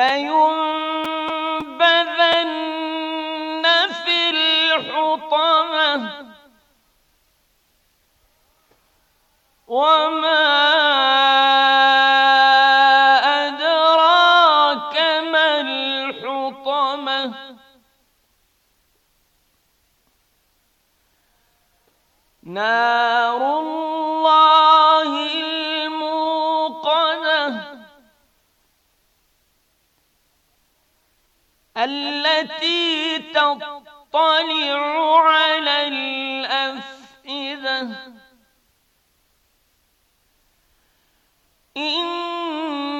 لينبذن في الحطمة وما أدراك ما الحطمة نار تطلع على الأفئدة إن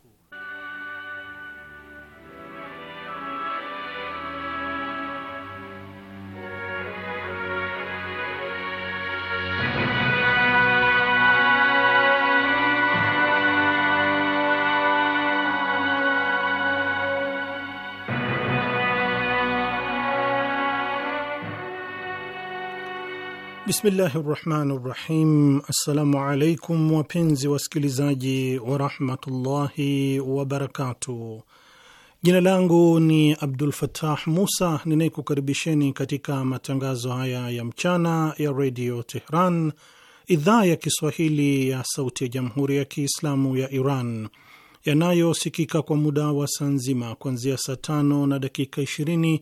Bismillahi rahmani rahim. Assalamu alaikum wapenzi wasikilizaji warahmatullahi wabarakatuh. Jina langu ni Abdul Fatah Musa ninayekukaribisheni katika matangazo haya ya mchana ya redio Tehran, idhaa ya Kiswahili ya sauti ya jamhuri ya Kiislamu ya Iran, yanayosikika kwa muda wa saa nzima kuanzia saa tano na dakika ishirini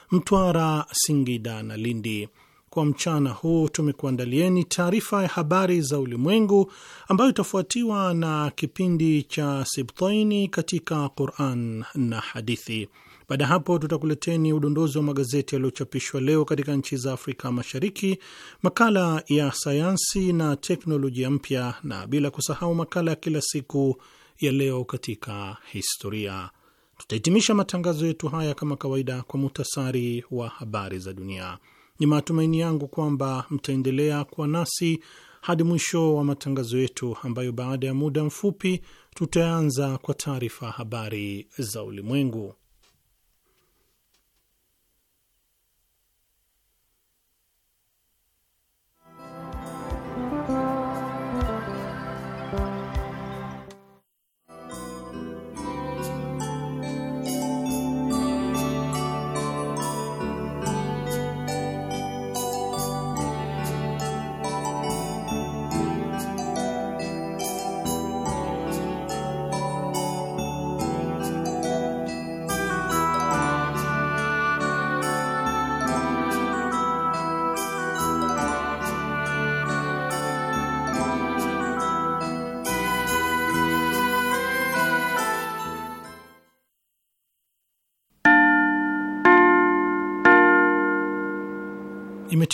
Mtwara, Singida na Lindi. Kwa mchana huu tumekuandalieni taarifa ya habari za ulimwengu ambayo itafuatiwa na kipindi cha Sibtaini katika Quran na hadithi. Baada ya hapo, tutakuleteni udondozi wa magazeti yaliyochapishwa leo katika nchi za Afrika Mashariki, makala ya sayansi na teknolojia mpya, na bila kusahau makala ya kila siku ya leo katika historia. Tutahitimisha matangazo yetu haya kama kawaida kwa muhtasari wa habari za dunia. Ni matumaini yangu kwamba mtaendelea kuwa nasi hadi mwisho wa matangazo yetu, ambayo baada ya muda mfupi tutaanza kwa taarifa habari za ulimwengu.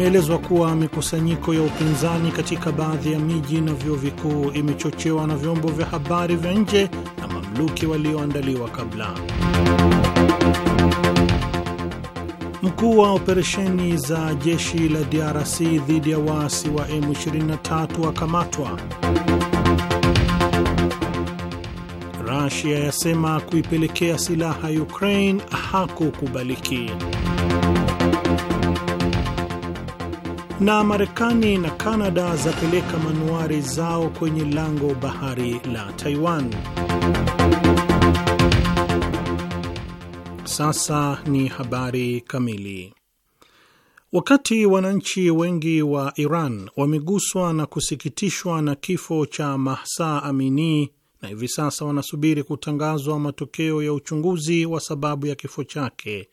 Imeelezwa kuwa mikusanyiko ya upinzani katika baadhi ya miji na vyuo vikuu imechochewa na vyombo vya habari vya nje na mamluki walioandaliwa kabla. Mkuu wa operesheni za jeshi la DRC dhidi ya waasi wa M23 wakamatwa rusia yasema kuipelekea silaha Ukraine hakukubaliki na Marekani na Kanada zapeleka manuari zao kwenye lango bahari la Taiwan. Sasa ni habari kamili. Wakati wananchi wengi wa Iran wameguswa na kusikitishwa na kifo cha Mahsa Amini na hivi sasa wanasubiri kutangazwa matokeo ya uchunguzi wa sababu ya kifo chake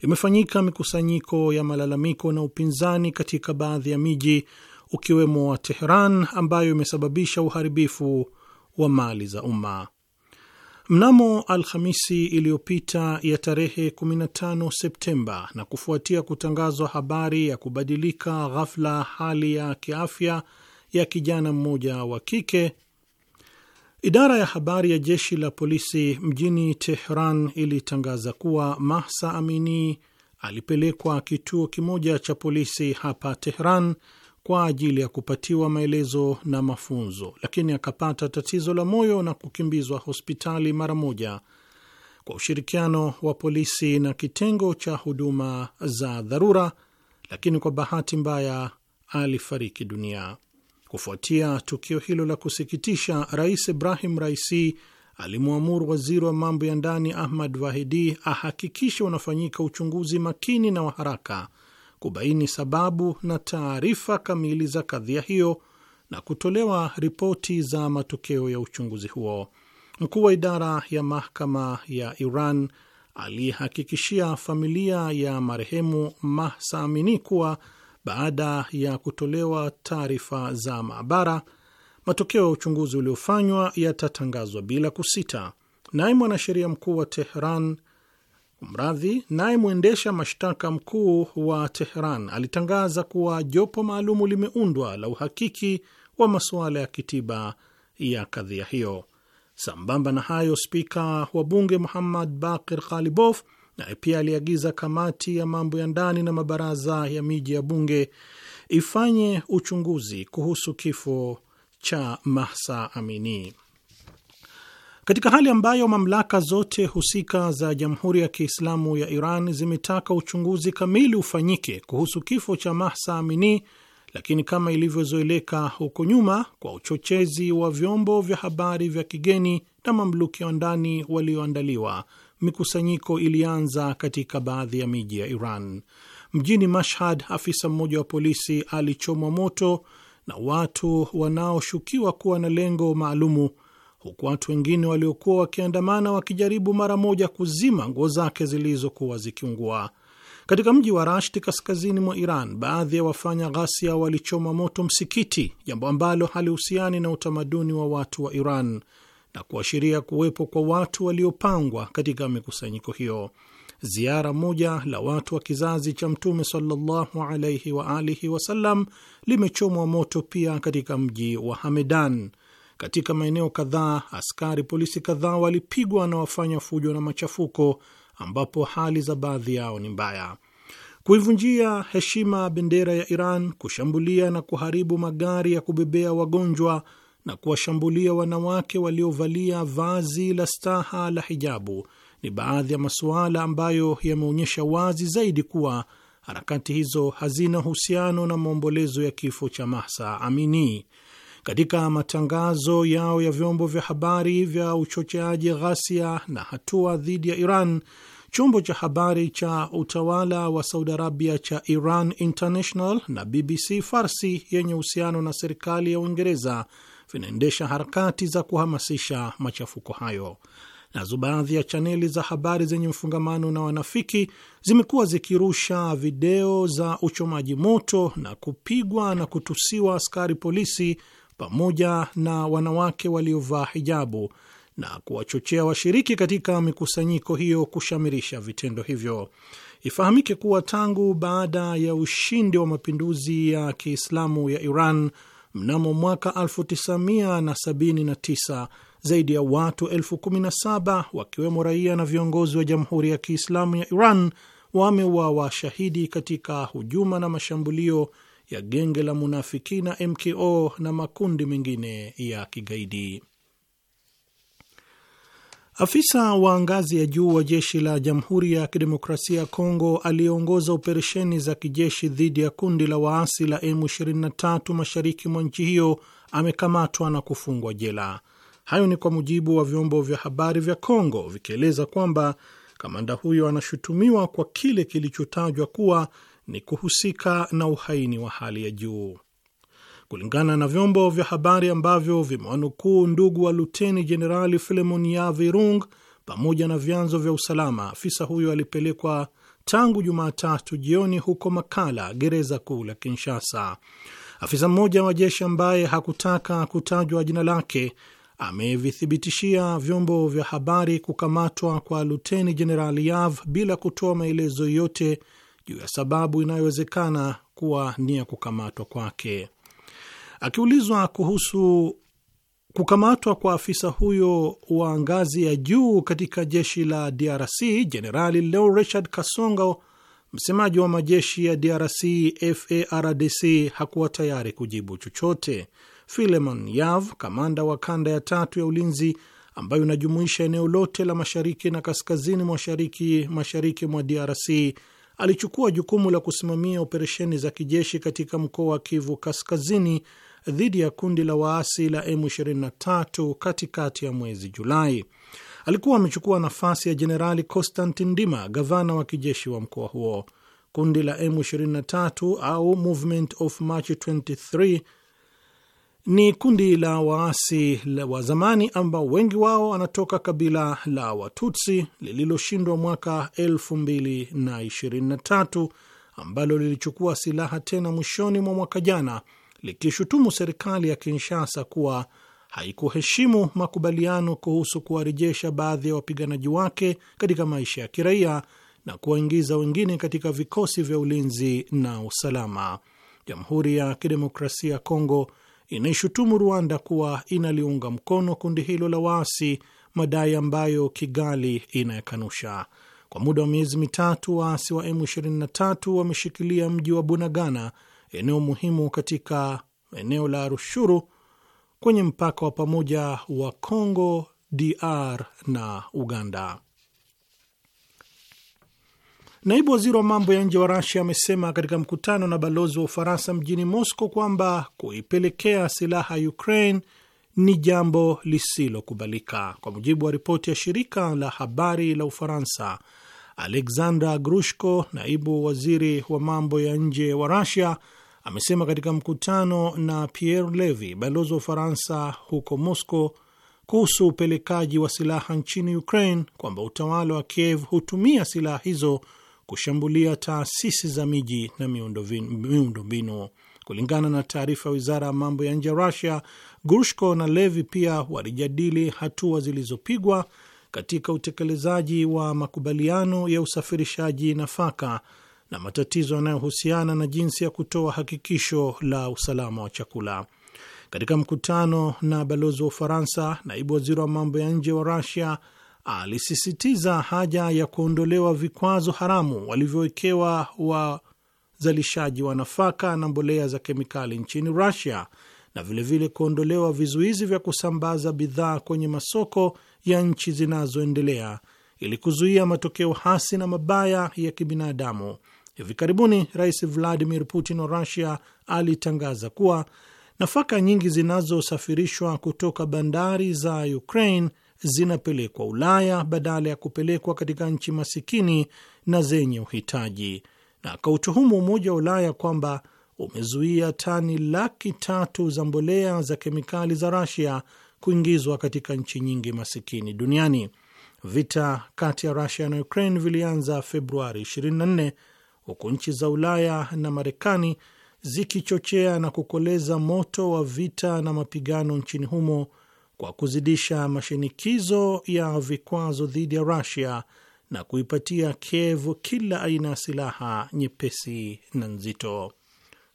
imefanyika mikusanyiko ya malalamiko na upinzani katika baadhi ya miji ukiwemo wa Tehran ambayo imesababisha uharibifu wa mali za umma. Mnamo Alhamisi iliyopita ya tarehe 15 Septemba, na kufuatia kutangazwa habari ya kubadilika ghafla hali ya kiafya ya kijana mmoja wa kike Idara ya habari ya jeshi la polisi mjini Tehran ilitangaza kuwa Mahsa Amini alipelekwa kituo kimoja cha polisi hapa Tehran kwa ajili ya kupatiwa maelezo na mafunzo, lakini akapata tatizo la moyo na kukimbizwa hospitali mara moja kwa ushirikiano wa polisi na kitengo cha huduma za dharura, lakini kwa bahati mbaya alifariki dunia. Kufuatia tukio hilo la kusikitisha, Rais Ibrahim Raisi alimwamuru waziri wa mambo ya ndani Ahmad Wahidi ahakikishe unafanyika uchunguzi makini na wa haraka kubaini sababu na taarifa kamili za kadhia hiyo na kutolewa ripoti za matokeo ya uchunguzi huo. Mkuu wa idara ya mahakama ya Iran aliyehakikishia familia ya marehemu Mahsa Amini kuwa baada ya kutolewa taarifa za maabara, matokeo ya uchunguzi uliofanywa yatatangazwa bila kusita. Naye mwanasheria mkuu wa Tehran, mradhi, naye mwendesha mashtaka mkuu wa Tehran alitangaza kuwa jopo maalumu limeundwa la uhakiki wa masuala ya kitiba ya kadhia hiyo. Sambamba na hayo, spika wa bunge Muhammad Bakir Khalibof Naye pia aliagiza kamati ya mambo ya ndani na mabaraza ya miji ya bunge ifanye uchunguzi kuhusu kifo cha Mahsa Amini. Katika hali ambayo mamlaka zote husika za Jamhuri ya Kiislamu ya Iran zimetaka uchunguzi kamili ufanyike kuhusu kifo cha Mahsa Amini, lakini kama ilivyozoeleka huko nyuma, kwa uchochezi wa vyombo vya habari vya kigeni na mamluki wa ndani walioandaliwa, mikusanyiko ilianza katika baadhi ya miji ya Iran. Mjini Mashhad, afisa mmoja wa polisi alichomwa moto na watu wanaoshukiwa kuwa na lengo maalumu, huku watu wengine waliokuwa wakiandamana wakijaribu mara moja kuzima nguo zake zilizokuwa zikiungua. Katika mji wa Rashti kaskazini mwa Iran, baadhi ya wafanya ghasia walichoma moto msikiti, jambo ambalo halihusiani na utamaduni wa watu wa Iran na kuashiria kuwepo kwa watu waliopangwa katika mikusanyiko hiyo. Ziara moja la watu wa kizazi cha Mtume sallallahu alaihi wa alihi wasallam limechomwa moto pia katika mji wa Hamedan. Katika maeneo kadhaa, askari polisi kadhaa walipigwa na wafanya fujo na machafuko, ambapo hali za baadhi yao ni mbaya. Kuivunjia heshima bendera ya Iran, kushambulia na kuharibu magari ya kubebea wagonjwa na kuwashambulia wanawake waliovalia vazi la staha la hijabu ni baadhi ya masuala ambayo yameonyesha wazi zaidi kuwa harakati hizo hazina uhusiano na maombolezo ya kifo cha Mahsa Amini. Katika matangazo yao ya vyombo vya habari vya uchocheaji ghasia na hatua dhidi ya Iran, chombo cha habari cha utawala wa Saudi Arabia cha Iran International na BBC Farsi yenye uhusiano na serikali ya Uingereza vinaendesha harakati za kuhamasisha machafuko hayo. Nazo baadhi ya chaneli za habari zenye mfungamano na wanafiki zimekuwa zikirusha video za uchomaji moto na kupigwa na kutusiwa askari polisi pamoja na wanawake waliovaa hijabu na kuwachochea washiriki katika mikusanyiko hiyo kushamirisha vitendo hivyo. Ifahamike kuwa tangu baada ya ushindi wa mapinduzi ya Kiislamu ya Iran mnamo mwaka 1979 zaidi ya watu 17 wakiwemo raia na viongozi wa Jamhuri ya Kiislamu ya Iran wameuawa shahidi katika hujuma na mashambulio ya genge la Munafikina MKO na makundi mengine ya kigaidi. Afisa wa ngazi ya juu wa jeshi la Jamhuri ya Kidemokrasia ya Kongo aliyeongoza operesheni za kijeshi dhidi ya kundi la waasi la M23 mashariki mwa nchi hiyo amekamatwa na kufungwa jela. Hayo ni kwa mujibu wa vyombo vya habari vya Kongo vikieleza kwamba kamanda huyo anashutumiwa kwa kile kilichotajwa kuwa ni kuhusika na uhaini wa hali ya juu. Kulingana na vyombo vya habari ambavyo vimewanukuu ndugu wa luteni jenerali Filemon Yavi Rung pamoja na vyanzo vya usalama, afisa huyo alipelekwa tangu Jumatatu jioni huko Makala, gereza kuu la Kinshasa. Afisa mmoja wa jeshi ambaye hakutaka kutajwa jina lake amevithibitishia vyombo vya habari kukamatwa kwa luteni jenerali Yav bila kutoa maelezo yote juu ya sababu inayowezekana kuwa ni ya kukamatwa kwake. Akiulizwa kuhusu kukamatwa kwa afisa huyo wa ngazi ya juu katika jeshi la DRC, Jenerali Leo Richard Kasongo, msemaji wa majeshi ya DRC FARDC, hakuwa tayari kujibu chochote. Filemon Yav, kamanda wa kanda ya tatu ya ulinzi ambayo inajumuisha eneo lote la mashariki na kaskazini mashariki mashariki mwa DRC, alichukua jukumu la kusimamia operesheni za kijeshi katika mkoa wa Kivu Kaskazini dhidi ya kundi la waasi la M23 katikati ya mwezi Julai. Alikuwa amechukua nafasi ya Jenerali constantin Dima, gavana wa kijeshi wa mkoa huo. Kundi la M23 au Movement of March 23 ni kundi la waasi wa zamani ambao wengi wao wanatoka kabila la Watutsi lililoshindwa mwaka 2023 ambalo lilichukua silaha tena mwishoni mwa mwaka jana likishutumu serikali ya Kinshasa kuwa haikuheshimu makubaliano kuhusu kuwarejesha baadhi ya wapiganaji wake katika maisha ya kiraia na kuwaingiza wengine katika vikosi vya ulinzi na usalama. Jamhuri ya Kidemokrasia ya Kongo inaishutumu Rwanda kuwa inaliunga mkono kundi hilo la waasi, madai ambayo Kigali inayakanusha. Kwa muda wa miezi mitatu waasi wa M23 wameshikilia mji wa Bunagana eneo muhimu katika eneo la Rushuru kwenye mpaka wa pamoja wa congo DR na Uganda. Naibu waziri wa mambo ya nje wa Rasia amesema katika mkutano na balozi wa Ufaransa mjini Moscow kwamba kuipelekea silaha Ukraine ni jambo lisilokubalika. Kwa mujibu wa ripoti ya shirika la habari la Ufaransa, Alexandra Grushko, naibu waziri wa mambo ya nje wa Rasia, amesema katika mkutano na Pierre Levy, balozi wa Ufaransa huko Moscow, kuhusu upelekaji wa silaha nchini Ukraine kwamba utawala wa Kiev hutumia silaha hizo kushambulia taasisi za miji na miundombinu. Kulingana na taarifa ya wizara ya mambo ya nje ya Rusia, Grushko na Levi pia walijadili hatua zilizopigwa katika utekelezaji wa makubaliano ya usafirishaji nafaka na matatizo yanayohusiana na jinsi ya kutoa hakikisho la usalama wa chakula. Katika mkutano na balozi wa Ufaransa, naibu waziri wa mambo ya nje wa Rasia alisisitiza haja ya kuondolewa vikwazo haramu walivyowekewa wazalishaji wa nafaka na mbolea za kemikali nchini Rasia na vilevile kuondolewa vizuizi vya kusambaza bidhaa kwenye masoko ya nchi zinazoendelea ili kuzuia matokeo hasi na mabaya ya kibinadamu Hivi karibuni Rais Vladimir Putin wa Rusia alitangaza kuwa nafaka nyingi zinazosafirishwa kutoka bandari za Ukraine zinapelekwa Ulaya badala ya kupelekwa katika nchi masikini na zenye uhitaji, na akautuhumu Umoja wa Ulaya kwamba umezuia tani laki tatu za mbolea za kemikali za Rasia kuingizwa katika nchi nyingi masikini duniani. Vita kati ya Rasia na Ukraine vilianza Februari 24 huku nchi za Ulaya na Marekani zikichochea na kukoleza moto wa vita na mapigano nchini humo kwa kuzidisha mashinikizo ya vikwazo dhidi ya Rusia na kuipatia Kiev kila aina ya silaha nyepesi na nzito.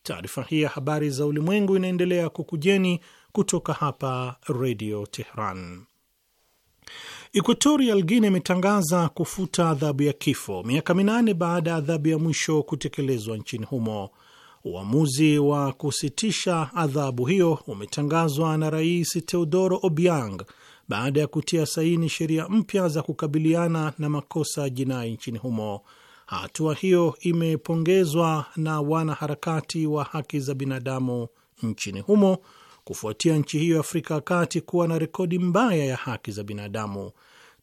Taarifa hii ya habari za ulimwengu inaendelea kukujeni kutoka hapa Redio Tehran. Equatorial Guinea imetangaza kufuta adhabu ya kifo miaka minane baada ya adhabu ya mwisho kutekelezwa nchini humo. Uamuzi wa kusitisha adhabu hiyo umetangazwa na Rais Teodoro Obiang baada ya kutia saini sheria mpya za kukabiliana na makosa jinai nchini humo. Hatua hiyo imepongezwa na wanaharakati wa haki za binadamu nchini humo kufuatia nchi hiyo Afrika ya Kati kuwa na rekodi mbaya ya haki za binadamu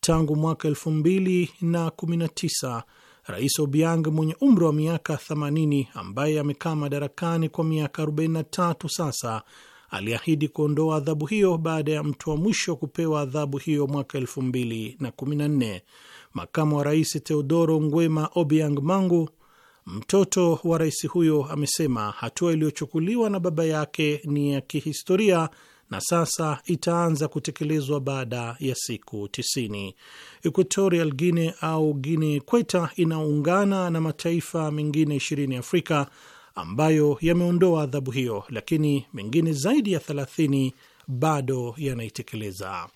tangu mwaka 2019. Rais Obiang mwenye umri wa miaka 80 ambaye amekaa madarakani kwa miaka 43 sasa aliahidi kuondoa adhabu hiyo baada ya mtu wa mwisho kupewa adhabu hiyo mwaka 2014. Makamu wa rais Teodoro Ngwema Obiang Mangu Mtoto wa rais huyo amesema hatua iliyochukuliwa na baba yake ni ya kihistoria na sasa itaanza kutekelezwa baada ya siku tisini. Equatorial Guinea au Guinea Ikweta inaungana na mataifa mengine ishirini Afrika ambayo yameondoa adhabu hiyo, lakini mengine zaidi ya thelathini bado yanaitekeleza.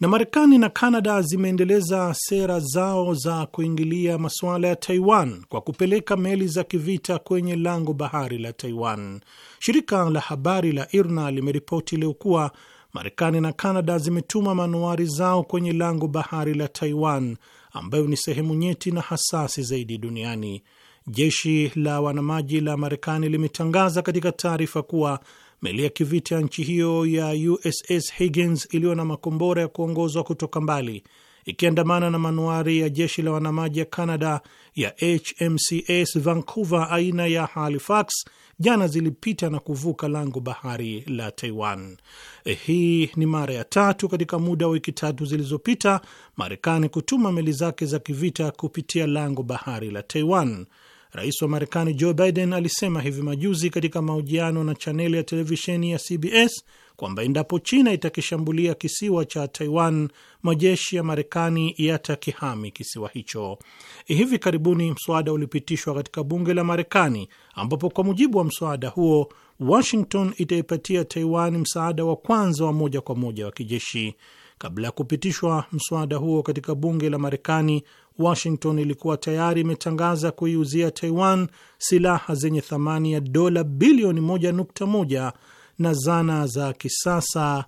Na Marekani na Kanada zimeendeleza sera zao za kuingilia masuala ya Taiwan kwa kupeleka meli za kivita kwenye lango bahari la Taiwan. Shirika la habari la IRNA limeripoti leo kuwa Marekani na Kanada zimetuma manuari zao kwenye lango bahari la Taiwan, ambayo ni sehemu nyeti na hasasi zaidi duniani. Jeshi la wanamaji la Marekani limetangaza katika taarifa kuwa Meli ya kivita ya nchi hiyo ya USS Higgins iliyo na makombora ya kuongozwa kutoka mbali ikiandamana na manuari ya jeshi la wanamaji ya Canada ya HMCS Vancouver aina ya Halifax jana zilipita na kuvuka lango bahari la Taiwan. Eh, hii ni mara ya tatu katika muda wa wiki tatu zilizopita Marekani kutuma meli zake za kivita kupitia lango bahari la Taiwan. Rais wa Marekani Joe Biden alisema hivi majuzi katika mahojiano na chaneli ya televisheni ya CBS kwamba endapo China itakishambulia kisiwa cha Taiwan, majeshi ya Marekani yatakihami kisiwa hicho. Hivi karibuni mswada ulipitishwa katika bunge la Marekani, ambapo kwa mujibu wa mswada huo Washington itaipatia Taiwan msaada wa kwanza wa moja kwa moja wa kijeshi. Kabla ya kupitishwa mswada huo katika bunge la Marekani, Washington ilikuwa tayari imetangaza kuiuzia Taiwan silaha zenye thamani ya dola bilioni 1.1 na zana za kisasa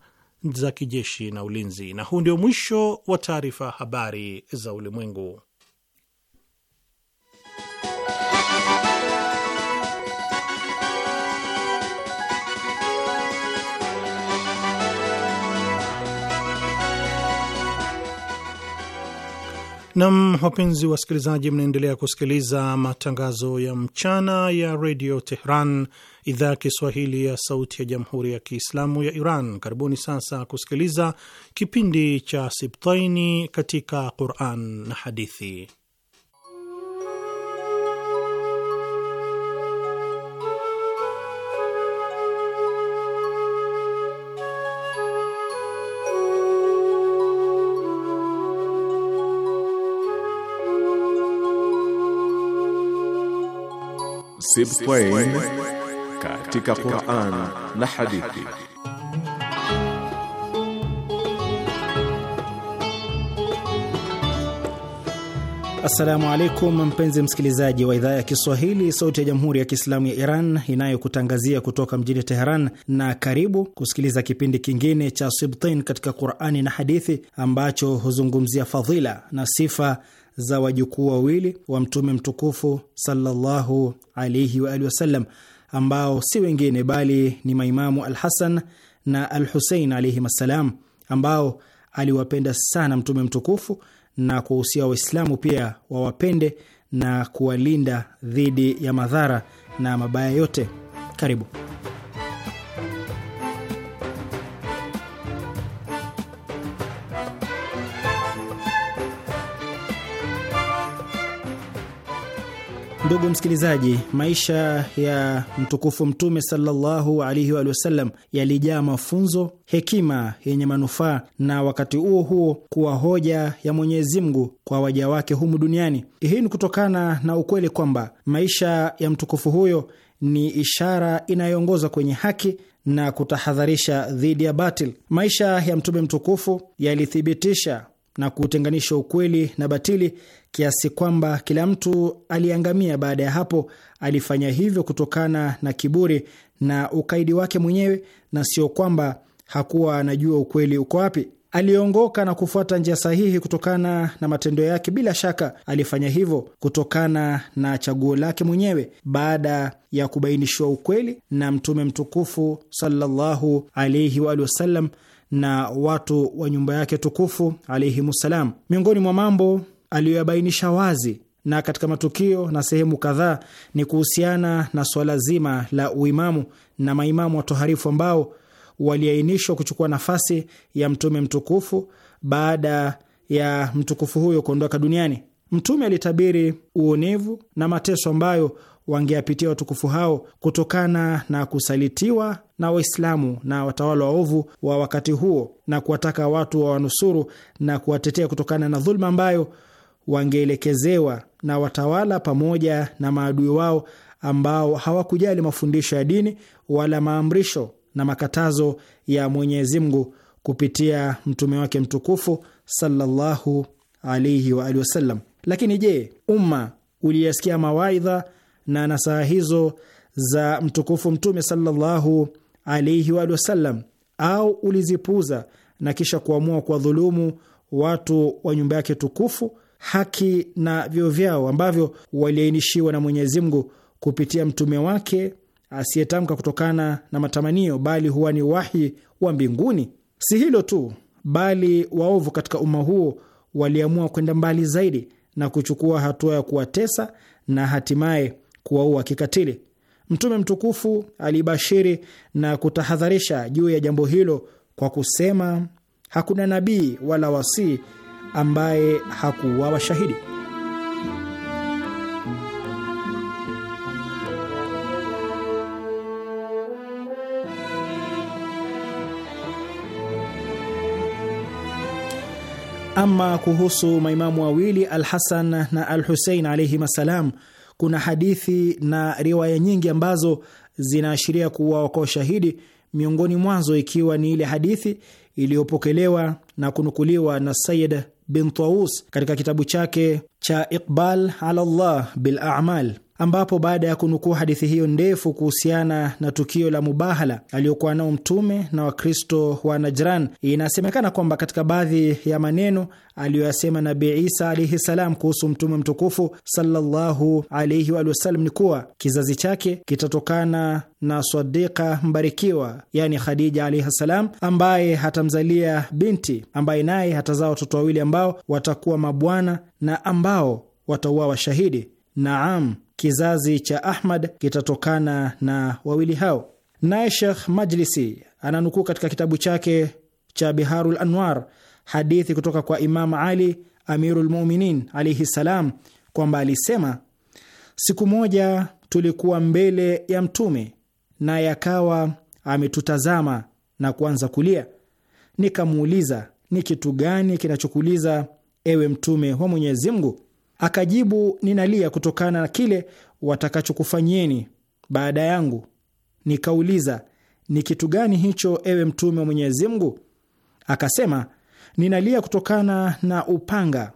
za kijeshi na ulinzi. Na huu ndio mwisho wa taarifa habari za ulimwengu. Nam, wapenzi wasikilizaji, mnaendelea kusikiliza matangazo ya mchana ya redio Tehran, idhaa ya Kiswahili ya sauti ya jamhuri ya Kiislamu ya Iran. Karibuni sasa kusikiliza kipindi cha Sibtaini katika Quran na Hadithi. Sibtain katika Qur'an na hadithi. Assalamu alaikum mpenzi msikilizaji wa idhaa ya Kiswahili sauti ya Jamhuri ya Kiislamu ya Iran inayokutangazia kutoka mjini Teheran, na karibu kusikiliza kipindi kingine cha Sibtain katika Qurani na hadithi ambacho huzungumzia fadhila na sifa za wajukuu wawili wa Mtume mtukufu sallallahu alaihi wa alihi wasallam ambao si wengine bali ni maimamu Al Hasan na Al Husein alaihim assalam, ambao aliwapenda sana Mtume mtukufu na kuwahusia Waislamu pia wawapende na kuwalinda dhidi ya madhara na mabaya yote. Karibu. Ndugu msikilizaji, maisha ya mtukufu Mtume sallallahu alaihi wa sallam yalijaa mafunzo, hekima yenye manufaa na wakati huo huo kuwa hoja ya Mwenyezi Mungu kwa waja wake humu duniani. Hii ni kutokana na ukweli kwamba maisha ya mtukufu huyo ni ishara inayoongoza kwenye haki na kutahadharisha dhidi ya batil. Maisha ya mtume mtukufu yalithibitisha na kuutenganisha ukweli na batili kiasi kwamba kila mtu aliangamia. Baada ya hapo, alifanya hivyo kutokana na kiburi na ukaidi wake mwenyewe, na sio kwamba hakuwa anajua ukweli uko wapi. Aliongoka na kufuata njia sahihi kutokana na matendo yake. Bila shaka alifanya hivyo kutokana na chaguo lake mwenyewe baada ya kubainishiwa ukweli na Mtume mtukufu sallallahu alaihi waalihi wasallam na watu wa nyumba yake tukufu alaihimussalam. Miongoni mwa mambo aliyoyabainisha wazi na katika matukio na sehemu kadhaa ni kuhusiana na swala zima la uimamu na maimamu watoharifu ambao waliainishwa kuchukua nafasi ya mtume mtukufu baada ya mtukufu huyo kuondoka duniani. Mtume alitabiri uonevu na mateso ambayo wangeapitia watukufu hao kutokana na kusalitiwa na Waislamu na watawala waovu wa wakati huo na kuwataka watu wa wanusuru na kuwatetea kutokana na dhuluma ambayo wangeelekezewa na watawala pamoja na maadui wao ambao hawakujali mafundisho ya dini wala maamrisho na makatazo ya Mwenyezi Mungu kupitia mtume wake mtukufu sallallahu alaihi wa alihi wasallam. Lakini je, umma uliyasikia mawaidha na nasaha hizo za mtukufu Mtume sallallahu alaihi wa sallam, au ulizipuuza na kisha kuamua kuwadhulumu watu wa nyumba yake tukufu, haki na vyo vyao ambavyo waliainishiwa na Mwenyezi Mungu kupitia mtume wake asiyetamka kutokana na matamanio, bali huwa ni wahi wa mbinguni. Si hilo tu, bali waovu katika umma huo waliamua kwenda mbali zaidi na kuchukua hatua ya kuwatesa na hatimaye kuwaua kikatili. Mtume mtukufu alibashiri na kutahadharisha juu ya jambo hilo kwa kusema, hakuna nabii wala wasii ambaye hakuuawa shahidi. Ama kuhusu maimamu wawili alhasan na Al Husein alaihim assalam kuna hadithi na riwaya nyingi ambazo zinaashiria kuuawa kwa shahidi, miongoni mwazo ikiwa ni ile hadithi iliyopokelewa na kunukuliwa na Sayid bin Tawus katika kitabu chake cha Iqbal ala Allah bil A'mal ambapo baada ya kunukuu hadithi hiyo ndefu kuhusiana na tukio la mubahala aliyokuwa nao Mtume na Wakristo wa Najran, inasemekana kwamba katika baadhi ya maneno aliyoyasema nabi Isa alaihi salam kuhusu Mtume mtukufu sallallahu alaihi wa sallam ni kuwa kizazi chake kitatokana na swadika mbarikiwa, yani Khadija alaihi salam, ambaye hatamzalia binti, ambaye naye hatazaa watoto wawili ambao watakuwa mabwana na ambao watauawa shahidi. Naam, kizazi cha Ahmad kitatokana na wawili hao. Naye Shekh Majlisi ananukuu katika kitabu chake cha Biharul Anwar hadithi kutoka kwa Imam Ali Amirul Muminin alaihi ssalam, kwamba alisema siku moja tulikuwa mbele ya Mtume naye akawa ametutazama na kuanza kulia. Nikamuuliza, ni kitu gani kinachokuliza ewe Mtume wa Mwenyezi Mungu? Akajibu, ninalia kutokana na kile watakachokufanyieni baada yangu. Nikauliza, ni kitu gani hicho, ewe Mtume wa Mwenyezi Mungu? Akasema, ninalia kutokana na upanga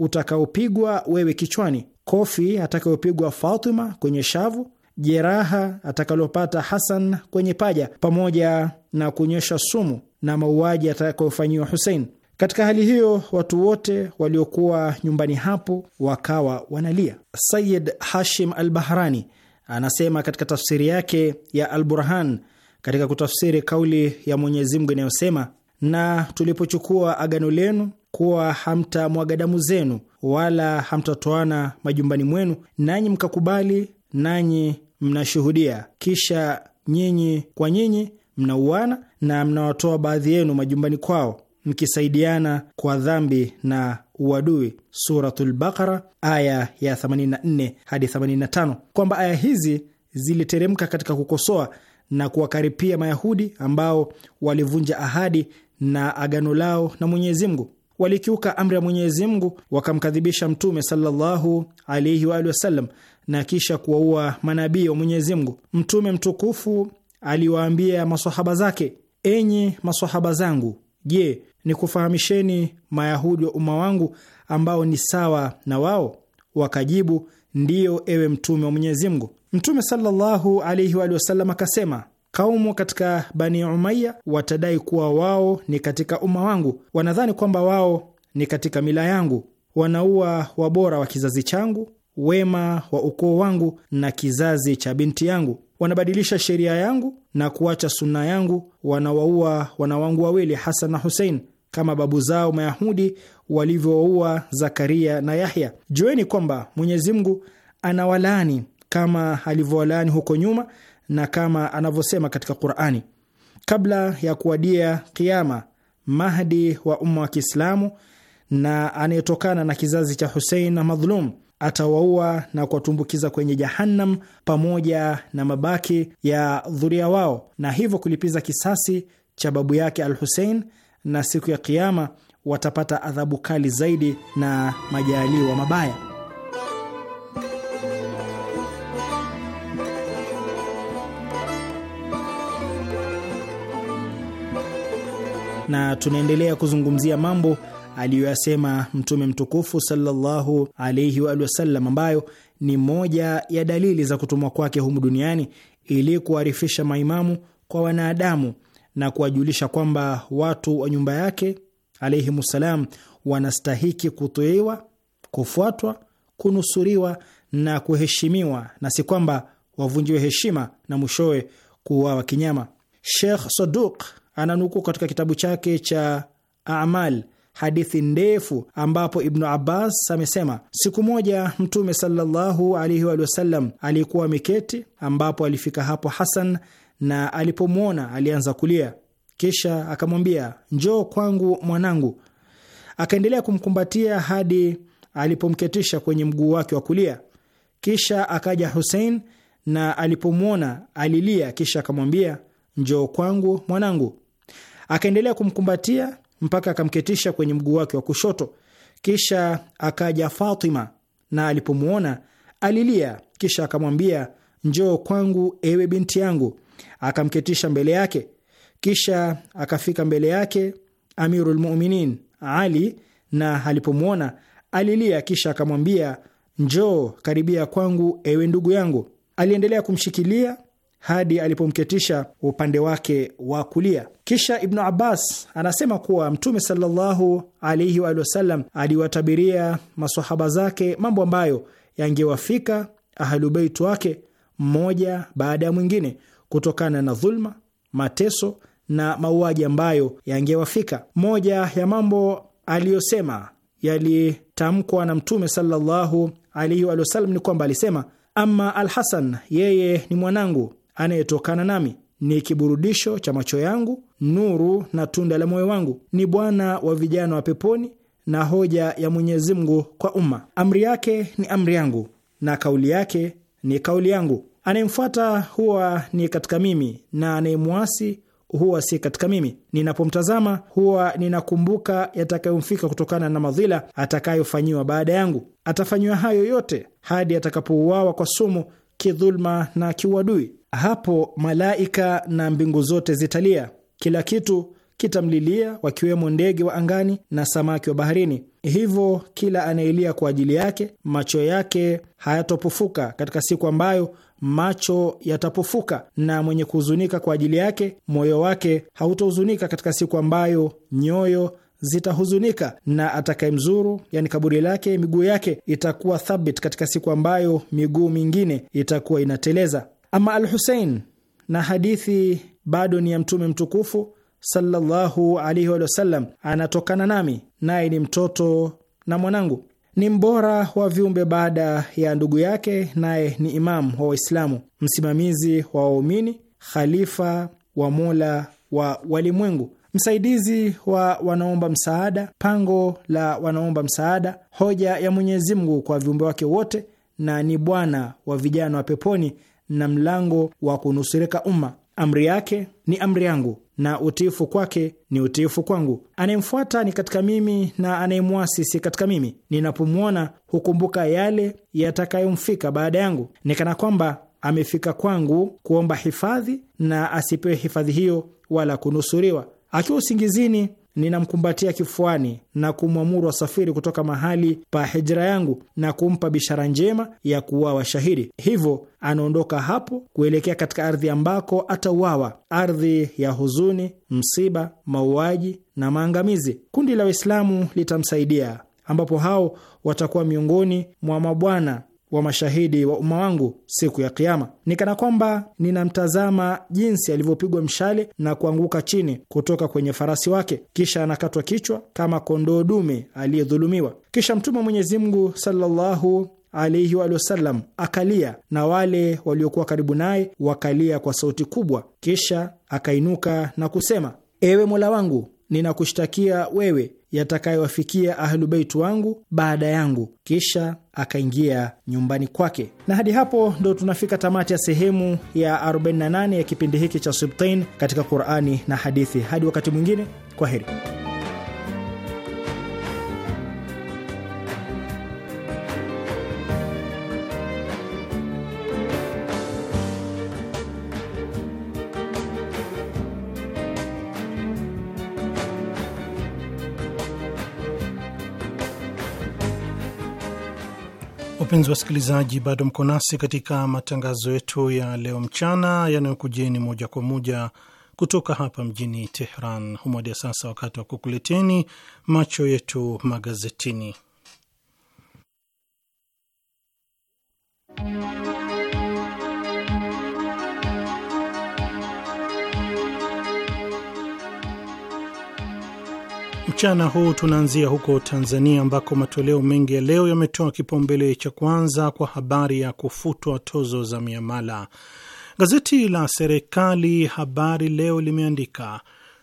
utakaopigwa wewe kichwani, kofi atakayopigwa Fatima kwenye shavu, jeraha atakalopata Hasan kwenye paja, pamoja na kunyesha sumu na mauaji atakayofanyiwa Husein. Katika hali hiyo watu wote waliokuwa nyumbani hapo wakawa wanalia. Sayid Hashim al Bahrani anasema katika tafsiri yake ya Al Burhan katika kutafsiri kauli ya Mwenyezi Mungu inayosema, na tulipochukua agano lenu kuwa hamtamwaga damu zenu wala hamtatoana majumbani mwenu, nanyi mkakubali, nanyi mnashuhudia, kisha nyinyi kwa nyinyi mnauana na mnawatoa baadhi yenu majumbani kwao mkisaidiana kwa dhambi na uadui, Suratul Baqara aya ya 84 hadi 85, kwamba aya hizi ziliteremka katika kukosoa na kuwakaripia Mayahudi ambao walivunja ahadi na agano lao na Mwenyezi Mungu. Walikiuka amri ya Mwenyezi Mungu, wakamkadhibisha Mtume sallallahu alaihi wa alihi wasallam, na kisha kuwaua manabii wa Mwenyezi Mungu. Mtume mtukufu aliwaambia masahaba zake, enyi masahaba zangu, je, ni kufahamisheni Mayahudi wa umma wangu ambao ni sawa na wao? Wakajibu, ndiyo, ewe mtume wa Mwenyezi Mungu. Mtume sallallahu alaihi wa sallam akasema, kaumu katika Bani Umaya watadai kuwa wao ni katika umma wangu, wanadhani kwamba wao ni katika mila yangu, wanaua wabora wa kizazi changu, wema wa ukoo wangu na kizazi cha binti yangu wanabadilisha sheria yangu na kuacha suna yangu, wanawaua wana wangu wawili Hasan na Husein kama babu zao Mayahudi walivyowaua Zakaria na Yahya. Jueni kwamba Mwenyezi Mungu anawalaani kama alivyowalaani huko nyuma na kama anavyosema katika Qur'ani. Kabla ya kuwadia kiama, Mahdi wa umma wa Kiislamu na anayetokana na kizazi cha husein na madhulum atawaua na kuwatumbukiza kwenye Jahannam pamoja na mabaki ya dhuria wao, na hivyo kulipiza kisasi cha babu yake al husein na siku ya Kiama watapata adhabu kali zaidi na majaaliwa mabaya. Na tunaendelea kuzungumzia mambo aliyoyasema Mtume mtukufu sallallahu alaihi wa wasallam, ambayo ni moja ya dalili za kutumwa kwake humu duniani ili kuwarifisha maimamu kwa wanadamu na kuwajulisha kwamba watu wa nyumba yake alaihimussalam wanastahiki kutoiwa, kufuatwa, kunusuriwa na kuheshimiwa, na si kwamba wavunjiwe heshima na mwishowe kuuawa kinyama. Sheikh Saduq ananukuu katika kitabu chake cha Amal hadithi ndefu ambapo Ibnu Abbas amesema siku moja Mtume sallallahu alaihi wasallam alikuwa ameketi, ambapo alifika hapo Hasan na alipomwona alianza kulia, kisha akamwambia njoo kwangu mwanangu. Akaendelea kumkumbatia hadi alipomketisha kwenye mguu wake wa kulia. Kisha akaja Husein na alipomwona alilia, kisha akamwambia njoo kwangu mwanangu. Akaendelea kumkumbatia mpaka akamketisha kwenye mguu wake wa kushoto. Kisha akaja Fatima na alipomwona alilia, kisha akamwambia njoo kwangu ewe binti yangu akamketisha mbele yake, kisha akafika mbele yake Amirul Mu'minin Ali, na alipomwona alilia, kisha akamwambia, njoo karibia kwangu, ewe ndugu yangu. Aliendelea kumshikilia hadi alipomketisha upande wake wa kulia. Kisha Ibnu Abbas anasema kuwa Mtume sallallahu alaihi wa sallam aliwatabiria masahaba zake mambo ambayo yangewafika ahlubeit wake mmoja baada ya mwingine kutokana na dhulma, mateso na mauaji ambayo yangewafika. Moja ya mambo aliyosema yalitamkwa na Mtume sallallahu alaihi wa sallam ni kwamba alisema, ama Alhasan, yeye ni mwanangu anayetokana nami, ni kiburudisho cha macho yangu, nuru na tunda la moyo wangu, ni bwana wa vijana wa peponi na hoja ya Mwenyezi Mungu kwa umma. Amri yake ni amri yangu na kauli yake ni kauli yangu. Anayemfuata huwa ni katika mimi na anayemwasi huwa si katika mimi. Ninapomtazama huwa ninakumbuka yatakayomfika kutokana na madhila atakayofanyiwa baada yangu. Atafanyiwa hayo yote hadi atakapouawa kwa sumu, kidhuluma na kiuadui. Hapo malaika na mbingu zote zitalia, kila kitu kitamlilia, wakiwemo ndege wa angani na samaki wa baharini. Hivyo kila anayelia kwa ajili yake, macho yake hayatopofuka katika siku ambayo macho yatapofuka, na mwenye kuhuzunika kwa ajili yake moyo wake hautohuzunika katika siku ambayo nyoyo zitahuzunika, na atakayemzuru yani kaburi lake, miguu yake itakuwa thabit katika siku ambayo miguu mingine itakuwa inateleza. Ama al husein na hadithi bado ni ya Mtume mtukufu sallallahu alaihi wasallam, anatokana nami, naye ni mtoto na mwanangu ni mbora wa viumbe baada ya ndugu yake, naye ni imamu wa Waislamu, msimamizi wa waumini, khalifa wa mola wa walimwengu, msaidizi wa wanaomba msaada, pango la wanaomba msaada, hoja ya Mwenyezi Mungu kwa viumbe wake wote, na ni bwana wa vijana wa peponi na mlango wa kunusurika umma. Amri yake ni amri yangu na utiifu kwake ni utiifu kwangu. Anayemfuata ni katika mimi na anayemwasi si katika mimi. Ninapomwona hukumbuka yale yatakayomfika baada yangu. Ni kana kwamba amefika kwangu kuomba hifadhi na asipewe hifadhi hiyo wala kunusuriwa. Akiwa usingizini ninamkumbatia kifuani na kumwamuru wasafiri kutoka mahali pa hijra yangu na kumpa bishara njema ya kuuawa shahidi. Hivyo anaondoka hapo kuelekea katika ardhi ambako atauawa, ardhi ya huzuni, msiba, mauaji na maangamizi. Kundi la Waislamu litamsaidia, ambapo hao watakuwa miongoni mwa mabwana wa mashahidi wa umma wangu siku ya Kiama. Ni kana kwamba ninamtazama jinsi alivyopigwa mshale na kuanguka chini kutoka kwenye farasi wake, kisha anakatwa kichwa kama kondoo dume aliyedhulumiwa. Kisha Mtume wa Mwenyezi Mungu sallallahu alaihi wa sallam akalia na wale waliokuwa karibu naye wakalia kwa sauti kubwa, kisha akainuka na kusema: ewe mola wangu ninakushtakia wewe yatakayowafikia ahlubeit wangu baada yangu. Kisha akaingia nyumbani kwake. Na hadi hapo ndo tunafika tamati ya sehemu ya 48 ya kipindi hiki cha Sibtain katika Qurani na Hadithi. Hadi wakati mwingine, kwa heri. Wapenzi wasikilizaji, bado mko nasi katika matangazo yetu ya leo mchana yanayokujeni moja kwa moja kutoka hapa mjini Tehran. Humwadia sasa wakati wa kukuleteni macho yetu magazetini. Mchana huu tunaanzia huko Tanzania ambako matoleo mengi ya leo yametoa kipaumbele cha kwanza kwa habari ya kufutwa tozo za miamala. Gazeti la serikali Habari Leo limeandika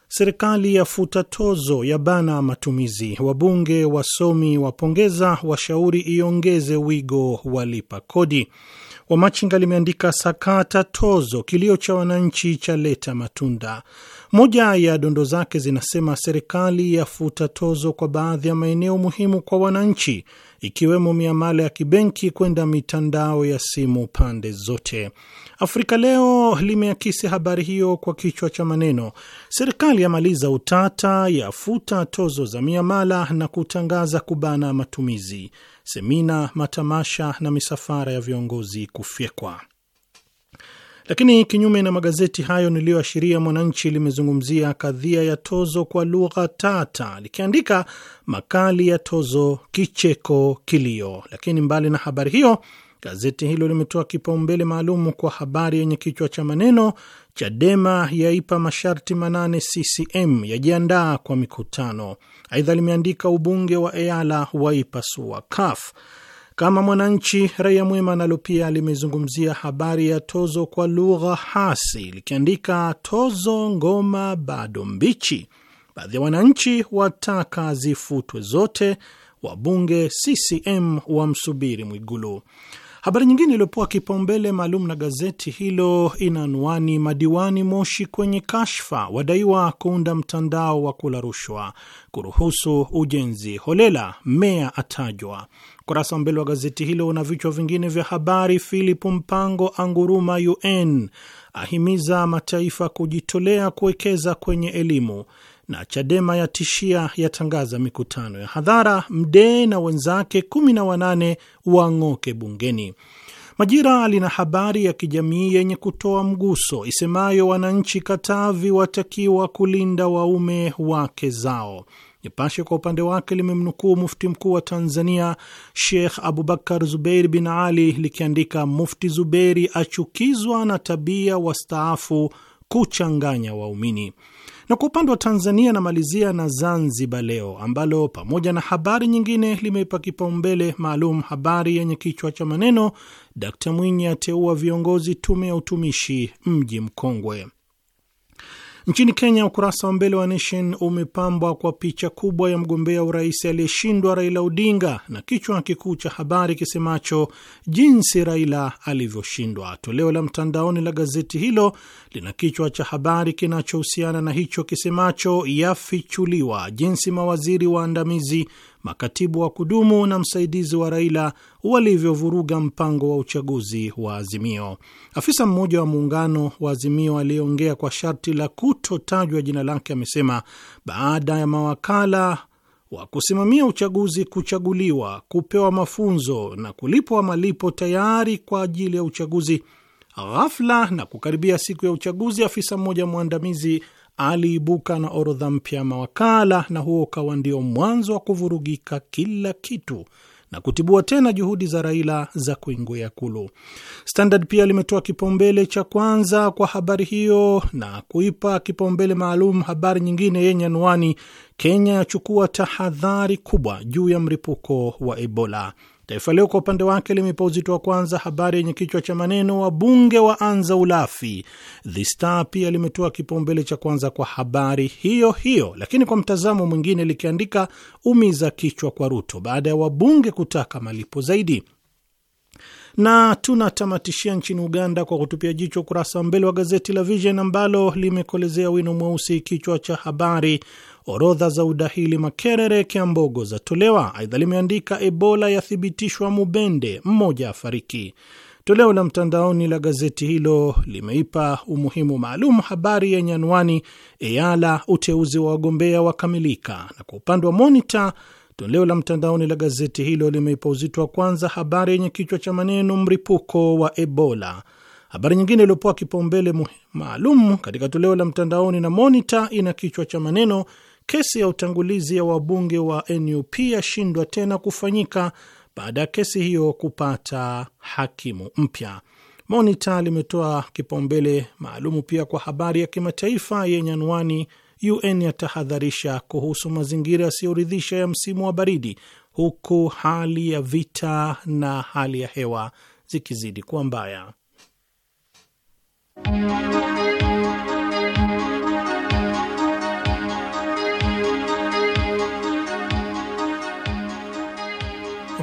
serikali yafuta tozo ya bana matumizi, wabunge wasomi wapongeza washauri iongeze wigo walipa kodi. Wamachinga limeandika sakata tozo, kilio cha wananchi cha leta matunda moja ya dondo zake zinasema serikali yafuta tozo kwa baadhi ya maeneo muhimu kwa wananchi, ikiwemo miamala ya kibenki kwenda mitandao ya simu pande zote. Afrika Leo limeakisi habari hiyo kwa kichwa cha maneno, serikali yamaliza utata, yafuta tozo za miamala na kutangaza kubana matumizi, semina, matamasha na misafara ya viongozi kufyekwa. Lakini kinyume na magazeti hayo niliyoashiria, Mwananchi limezungumzia kadhia ya tozo kwa lugha tata, likiandika makali ya tozo, kicheko, kilio. Lakini mbali na habari hiyo, gazeti hilo limetoa kipaumbele maalum kwa habari yenye kichwa cha maneno Chadema yaipa masharti manane CCM yajiandaa kwa mikutano. Aidha limeandika ubunge wa EALA waipasua CUF. Kama Mwananchi, Raia Mwema nalo pia limezungumzia habari ya tozo kwa lugha hasi, likiandika tozo ngoma bado mbichi. Baadhi ya wananchi wataka zifutwe zote, wabunge CCM wamsubiri Mwigulu. Habari nyingine iliyopewa kipaumbele maalum na gazeti hilo ina anwani madiwani Moshi kwenye kashfa, wadaiwa kuunda mtandao wa kula rushwa, kuruhusu ujenzi holela, meya atajwa. Ukurasa wa mbele wa gazeti hilo una vichwa vingine vya habari: Philip Mpango anguruma UN, ahimiza mataifa kujitolea kuwekeza kwenye elimu, na Chadema yatishia yatangaza mikutano ya hadhara, Mdee na wenzake kumi na wanane wang'oke bungeni. Majira lina habari ya kijamii yenye kutoa mguso isemayo wananchi Katavi watakiwa kulinda waume wake zao. Nipashe kwa upande wake limemnukuu mufti mkuu wa Tanzania Sheikh Abubakar Zubeir bin Ali likiandika, Mufti Zuberi achukizwa na tabia wastaafu kuchanganya waumini. Na kwa upande wa Tanzania namalizia na Zanzibar Leo, ambalo pamoja na habari nyingine limeipa kipaumbele maalum habari yenye kichwa cha maneno Dkt Mwinyi ateua viongozi tume ya utumishi mji mkongwe. Nchini Kenya, ukurasa wa mbele wa Nation umepambwa kwa picha kubwa ya mgombea urais aliyeshindwa Raila Odinga na kichwa kikuu cha habari kisemacho jinsi Raila alivyoshindwa. Toleo la mtandaoni la gazeti hilo lina kichwa cha habari kinachohusiana na hicho kisemacho yafichuliwa jinsi mawaziri waandamizi makatibu wa kudumu na msaidizi wa Raila walivyovuruga mpango wa uchaguzi wa Azimio. Afisa mmoja wa muungano wa Azimio aliyeongea kwa sharti la kutotajwa jina lake amesema baada ya mawakala wa kusimamia uchaguzi kuchaguliwa, kupewa mafunzo na kulipwa malipo tayari kwa ajili ya uchaguzi, ghafla na kukaribia siku ya uchaguzi, afisa mmoja mwandamizi aliibuka na orodha mpya mawakala, na huo ukawa ndio mwanzo wa kuvurugika kila kitu na kutibua tena juhudi za Raila za kuingia Ikulu. Standard pia limetoa kipaumbele cha kwanza kwa habari hiyo na kuipa kipaumbele maalum habari nyingine yenye anwani Kenya yachukua tahadhari kubwa juu ya mlipuko wa Ebola. Taifa Leo kwa upande wake limeipa uzito wa kwanza habari yenye kichwa cha maneno wabunge waanza ulafi. The Star pia limetoa kipaumbele cha kwanza kwa habari hiyo hiyo, lakini kwa mtazamo mwingine likiandika umiza kichwa kwa Ruto baada ya wabunge kutaka malipo zaidi na tunatamatishia nchini Uganda kwa kutupia jicho ukurasa wa mbele wa gazeti la Vision ambalo limekolezea wino mweusi kichwa cha habari Orodha za udahili Makerere Kiambogo za tolewa. Aidha limeandika Ebola yathibitishwa Mubende, mmoja afariki. Toleo la mtandaoni la gazeti hilo limeipa umuhimu maalum habari yenye anwani EALA uteuzi wa wagombea wakamilika, na kwa upande wa Monita toleo la mtandaoni la gazeti hilo limeipa uzito wa kwanza habari yenye kichwa cha maneno mripuko wa Ebola. Habari nyingine iliyopoa kipaumbele maalum katika toleo la mtandaoni na Monita ina kichwa cha maneno kesi ya utangulizi ya wabunge wa NUP yashindwa tena kufanyika baada ya kesi hiyo kupata hakimu mpya. Monita limetoa kipaumbele maalumu pia kwa habari ya kimataifa yenye anwani UN yatahadharisha kuhusu mazingira yasiyoridhisha ya msimu wa baridi, huku hali ya vita na hali ya hewa zikizidi kuwa mbaya.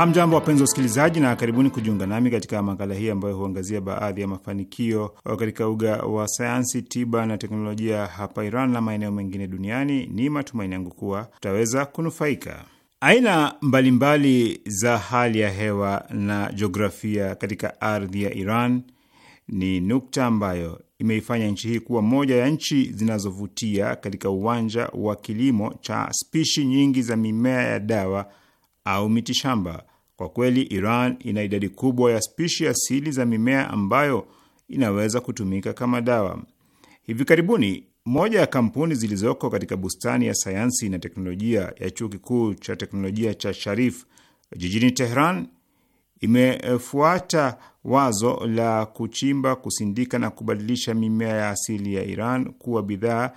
Hamjambo, wapenzi wasikilizaji, na karibuni kujiunga nami katika makala hii ambayo huangazia baadhi ya mafanikio uh, katika uga wa sayansi, tiba na teknolojia hapa Iran na maeneo mengine duniani. Ni matumaini yangu kuwa tutaweza kunufaika. Aina mbalimbali za hali ya hewa na jiografia katika ardhi ya Iran ni nukta ambayo imeifanya nchi hii kuwa moja ya nchi zinazovutia katika uwanja wa kilimo cha spishi nyingi za mimea ya dawa au mitishamba. Kwa kweli, Iran ina idadi kubwa ya spishi asili za mimea ambayo inaweza kutumika kama dawa. Hivi karibuni moja ya kampuni zilizoko katika bustani ya sayansi na teknolojia ya chuo kikuu cha teknolojia cha Sharif jijini Tehran imefuata wazo la kuchimba, kusindika na kubadilisha mimea ya asili ya Iran kuwa bidhaa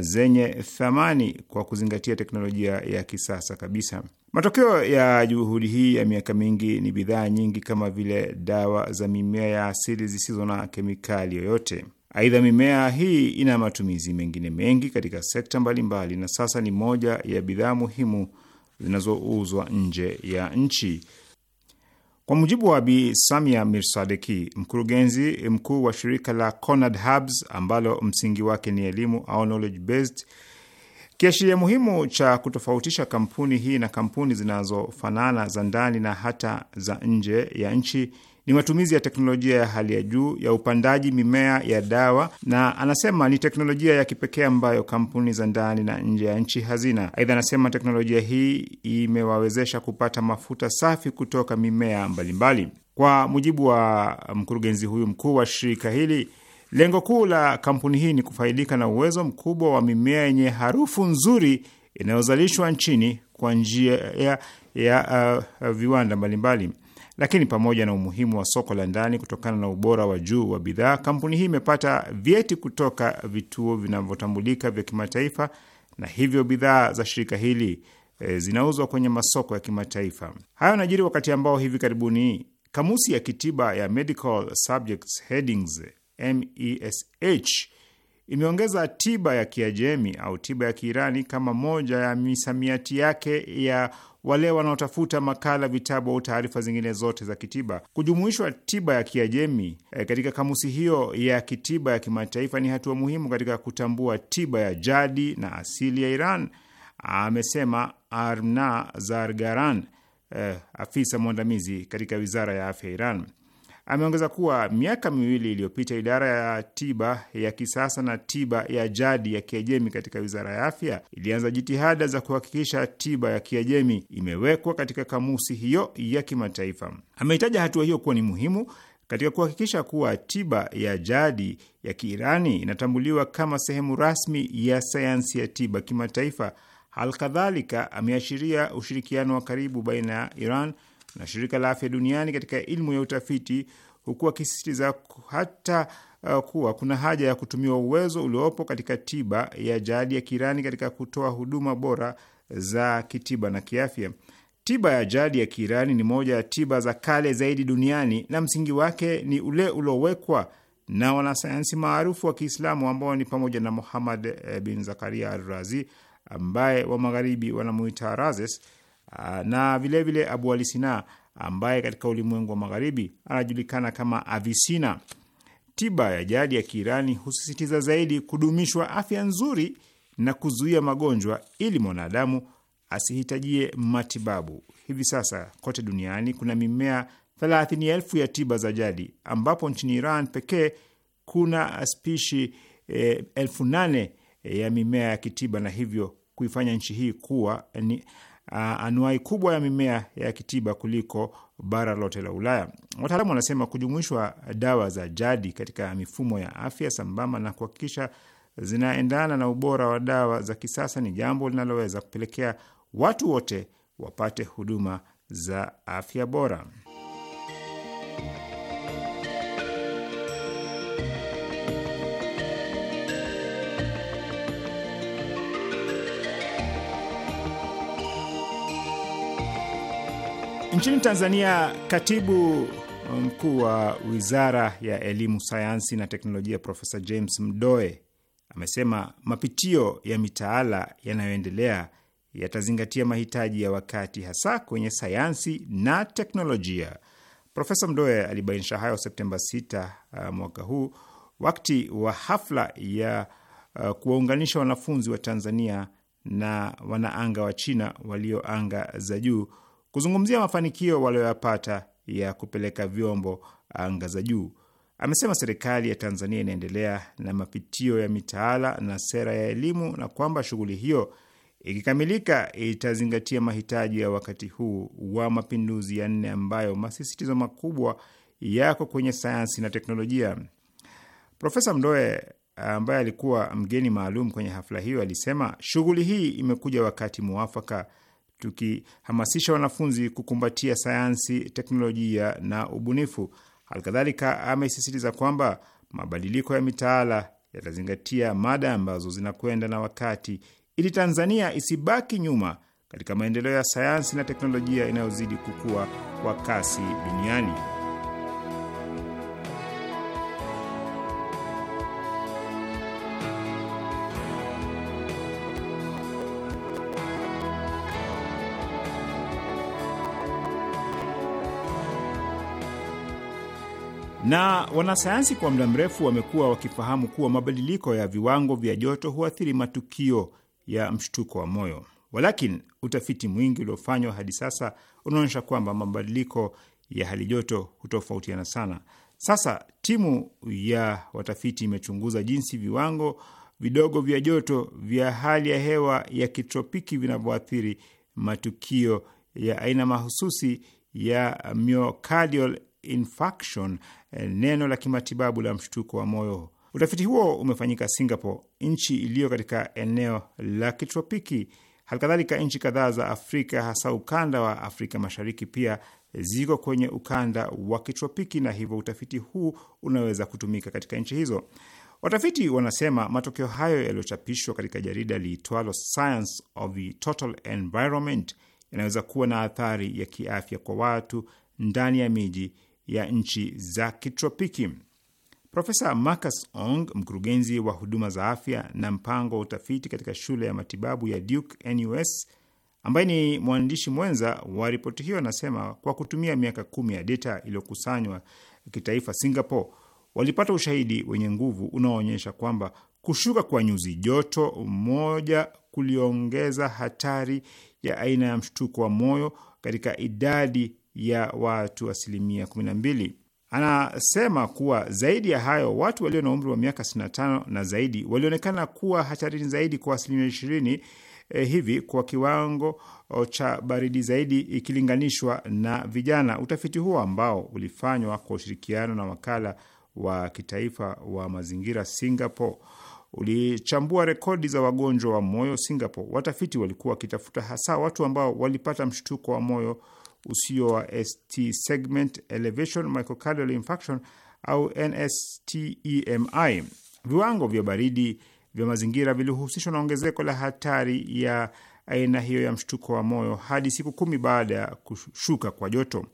zenye thamani kwa kuzingatia teknolojia ya kisasa kabisa. Matokeo ya juhudi hii ya miaka mingi ni bidhaa nyingi kama vile dawa za mimea ya asili zisizo na kemikali yoyote. Aidha, mimea hii ina matumizi mengine mengi katika sekta mbalimbali mbali, na sasa ni moja ya bidhaa muhimu zinazouzwa nje ya nchi. Kwa mujibu wa Bi Samia Mirsadeki, mkurugenzi mkuu wa shirika la Conard Hubs ambalo msingi wake ni elimu au knowledge based, kiashiria muhimu cha kutofautisha kampuni hii na kampuni zinazofanana za ndani na hata za nje ya nchi ni matumizi ya teknolojia ya hali ya juu ya upandaji mimea ya dawa, na anasema ni teknolojia ya kipekee ambayo kampuni za ndani na nje ya nchi hazina. Aidha, anasema teknolojia hii imewawezesha kupata mafuta safi kutoka mimea mbalimbali. Kwa mujibu wa mkurugenzi huyu mkuu wa shirika hili, lengo kuu la kampuni hii ni kufaidika na uwezo mkubwa wa mimea yenye harufu nzuri inayozalishwa nchini kwa njia ya, ya uh, viwanda mbalimbali mbali. Lakini pamoja na umuhimu wa soko la ndani kutokana na ubora wa juu wa bidhaa, kampuni hii imepata vyeti kutoka vituo vinavyotambulika vya kimataifa, na hivyo bidhaa za shirika hili e, zinauzwa kwenye masoko ya kimataifa. Hayo anajiri wakati ambao hivi karibuni kamusi ya kitiba ya Medical Subjects Headings MESH imeongeza tiba ya Kiajemi au tiba ya Kiirani kama moja ya misamiati yake ya wale wanaotafuta makala, vitabu au taarifa zingine zote za kitiba. Kujumuishwa tiba ya Kiajemi e, katika kamusi hiyo ya kitiba ya kimataifa ni hatua muhimu katika kutambua tiba ya jadi na asili ya Iran, amesema Arna Zargaran, e, afisa mwandamizi katika wizara ya afya ya Iran. Ameongeza kuwa miaka miwili iliyopita idara ya tiba ya kisasa na tiba ya jadi ya Kiajemi katika wizara ya afya ilianza jitihada za kuhakikisha tiba ya Kiajemi imewekwa katika kamusi hiyo ya kimataifa. Ameitaja hatua hiyo kuwa ni muhimu katika kuhakikisha kuwa tiba ya jadi ya Kiirani inatambuliwa kama sehemu rasmi ya sayansi ya tiba kimataifa. Alkadhalika, ameashiria ushirikiano wa karibu baina ya Iran na shirika la afya duniani katika ilmu ya utafiti, huku akisisitiza hata uh, kuwa kuna haja ya kutumia uwezo uliopo katika tiba ya jadi ya Kiirani katika kutoa huduma bora za kitiba na kiafya. Tiba ya jadi ya Kiirani ni moja ya tiba za kale zaidi duniani na msingi wake ni ule uliowekwa na wanasayansi maarufu wa Kiislamu ambao ni pamoja na Muhammad eh, bin Zakaria Arrazi ambaye wa magharibi wanamuita razes Ah, na vilevile vile Abu Alisina ambaye katika ulimwengu wa magharibi anajulikana kama Avisina. Tiba ya jadi ya Kiirani husisitiza zaidi kudumishwa afya nzuri na kuzuia magonjwa ili mwanadamu asihitajie matibabu. Hivi sasa kote duniani kuna mimea thelathini elfu ya tiba za jadi ambapo nchini Iran pekee kuna spishi eh, elfu nane ya mimea ya kitiba na hivyo kuifanya nchi hii kuwa ni anuai kubwa ya mimea ya kitiba kuliko bara lote la Ulaya. Wataalamu wanasema kujumuishwa dawa za jadi katika mifumo ya afya sambamba na kuhakikisha zinaendana na ubora wa dawa za kisasa ni jambo linaloweza kupelekea watu wote wapate huduma za afya bora. Nchini Tanzania, katibu mkuu wa wizara ya elimu, sayansi na teknolojia Profesa James Mdoe amesema mapitio ya mitaala yanayoendelea yatazingatia mahitaji ya wakati, hasa kwenye sayansi na teknolojia. Profesa Mdoe alibainisha hayo Septemba 6 uh, mwaka huu wakati wa hafla ya uh, kuwaunganisha wanafunzi wa Tanzania na wanaanga wa China walioanga za juu kuzungumzia mafanikio walioyapata ya kupeleka vyombo anga ah, za juu. Amesema serikali ya Tanzania inaendelea na mapitio ya mitaala na sera ya elimu na kwamba shughuli hiyo ikikamilika itazingatia mahitaji ya wakati huu wa mapinduzi ya nne ambayo masisitizo makubwa yako kwenye sayansi na teknolojia. Profesa Mdoe ambaye alikuwa mgeni maalum kwenye hafla hiyo alisema shughuli hii imekuja wakati muafaka tukihamasisha wanafunzi kukumbatia sayansi, teknolojia na ubunifu. Halikadhalika, amesisitiza kwamba mabadiliko ya mitaala yatazingatia mada ambazo zinakwenda na wakati ili Tanzania isibaki nyuma katika maendeleo ya sayansi na teknolojia inayozidi kukua kwa kasi duniani. na wanasayansi kwa muda mrefu wamekuwa wakifahamu kuwa mabadiliko ya viwango vya joto huathiri matukio ya mshtuko wa moyo. Walakin utafiti mwingi uliofanywa hadi sasa unaonyesha kwamba mabadiliko ya hali joto hutofautiana sana. Sasa timu ya watafiti imechunguza jinsi viwango vidogo vya joto vya hali ya hewa ya kitropiki vinavyoathiri matukio ya aina mahususi ya myocardial infarction, eh, neno la kimatibabu la mshtuko wa moyo. Utafiti huo umefanyika Singapore, nchi iliyo katika eneo la kitropiki. Halikadhalika, nchi kadhaa za Afrika hasa ukanda wa Afrika Mashariki pia ziko kwenye ukanda wa kitropiki, na hivyo utafiti huu unaweza kutumika katika nchi hizo. Watafiti wanasema matokeo hayo yaliyochapishwa katika jarida liitwalo Science of the Total Environment yanaweza kuwa na athari ya kiafya kwa watu ndani ya miji ya nchi za kitropiki. Profesa Marcus Ong, mkurugenzi wa huduma za afya na mpango wa utafiti katika shule ya matibabu ya Duke NUS, ambaye ni mwandishi mwenza wa ripoti hiyo, anasema kwa kutumia miaka kumi ya deta iliyokusanywa kitaifa, Singapore walipata ushahidi wenye nguvu unaoonyesha kwamba kushuka kwa nyuzi joto moja kuliongeza hatari ya aina ya mshtuko wa moyo katika idadi ya watu asilimia 12. Anasema kuwa zaidi ya hayo, watu walio na umri wa miaka 65 na zaidi walionekana kuwa hatarini zaidi kwa asilimia 20 eh, hivi kwa kiwango oh, cha baridi zaidi ikilinganishwa na vijana. Utafiti huo ambao ulifanywa kwa ushirikiano na wakala wa kitaifa wa mazingira Singapore ulichambua rekodi za wagonjwa wa moyo Singapore. Watafiti walikuwa wakitafuta hasa watu ambao walipata mshtuko wa moyo usio wa ST segment elevation microcardial infarction au NSTEMI. Viwango vya baridi vya mazingira vilihusishwa na ongezeko la hatari ya aina hiyo ya mshtuko wa moyo hadi siku kumi baada ya kushuka kwa joto.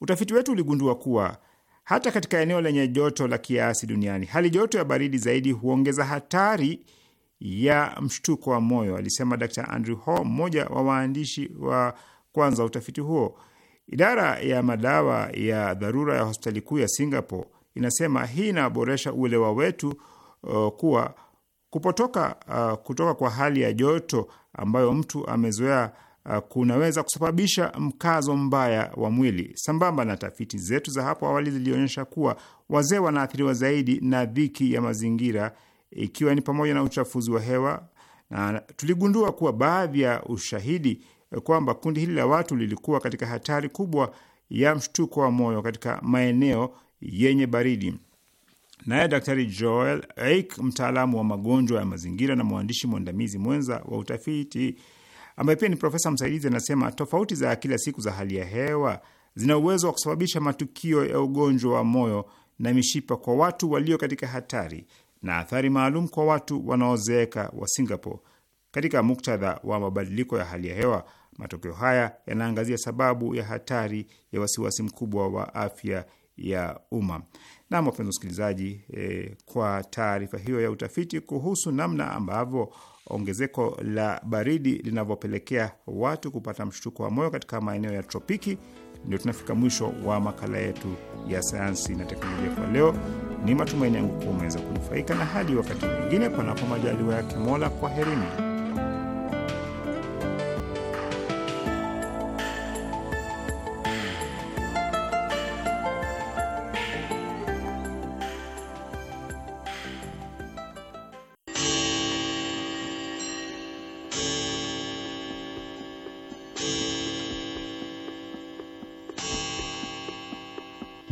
Utafiti wetu uligundua kuwa hata katika eneo lenye joto la kiasi duniani, hali joto ya baridi zaidi huongeza hatari ya mshtuko wa moyo, alisema Dr Andrew Ho, mmoja wa waandishi wa kwanza utafiti huo. Idara ya madawa ya dharura ya hospitali kuu ya Singapore inasema hii inaboresha uelewa wetu uh, kuwa kupotoka uh, kutoka kwa hali ya joto ambayo mtu amezoea uh, kunaweza kusababisha mkazo mbaya wa mwili. Sambamba na tafiti zetu za hapo awali zilionyesha kuwa wazee wanaathiriwa zaidi na dhiki ya mazingira, ikiwa ni pamoja na uchafuzi wa hewa, na tuligundua kuwa baadhi ya ushahidi kwamba kundi hili la watu lilikuwa katika hatari kubwa ya mshtuko wa moyo katika maeneo yenye baridi. Naye Daktari Joel Eik, mtaalamu wa magonjwa ya mazingira na mwandishi mwandamizi mwenza wa utafiti ambaye pia ni profesa msaidizi, anasema tofauti za kila siku za hali ya hewa zina uwezo wa kusababisha matukio ya ugonjwa wa moyo na mishipa kwa watu walio katika hatari na athari maalum kwa watu wanaozeeka wa Singapore katika muktadha wa mabadiliko ya hali ya hewa. Matokeo haya yanaangazia sababu ya hatari ya wasiwasi mkubwa wa afya ya umma. Nam, wapenzi wasikilizaji, e, kwa taarifa hiyo ya utafiti kuhusu namna ambavyo ongezeko la baridi linavyopelekea watu kupata mshtuko wa moyo katika maeneo ya tropiki, ndio tunafika mwisho wa makala yetu ya sayansi na teknolojia kwa leo. Ni matumaini yangu kuwa umeweza kunufaika, na hadi wakati mwingine, panapo majaliwa yake Mola, kwaherini.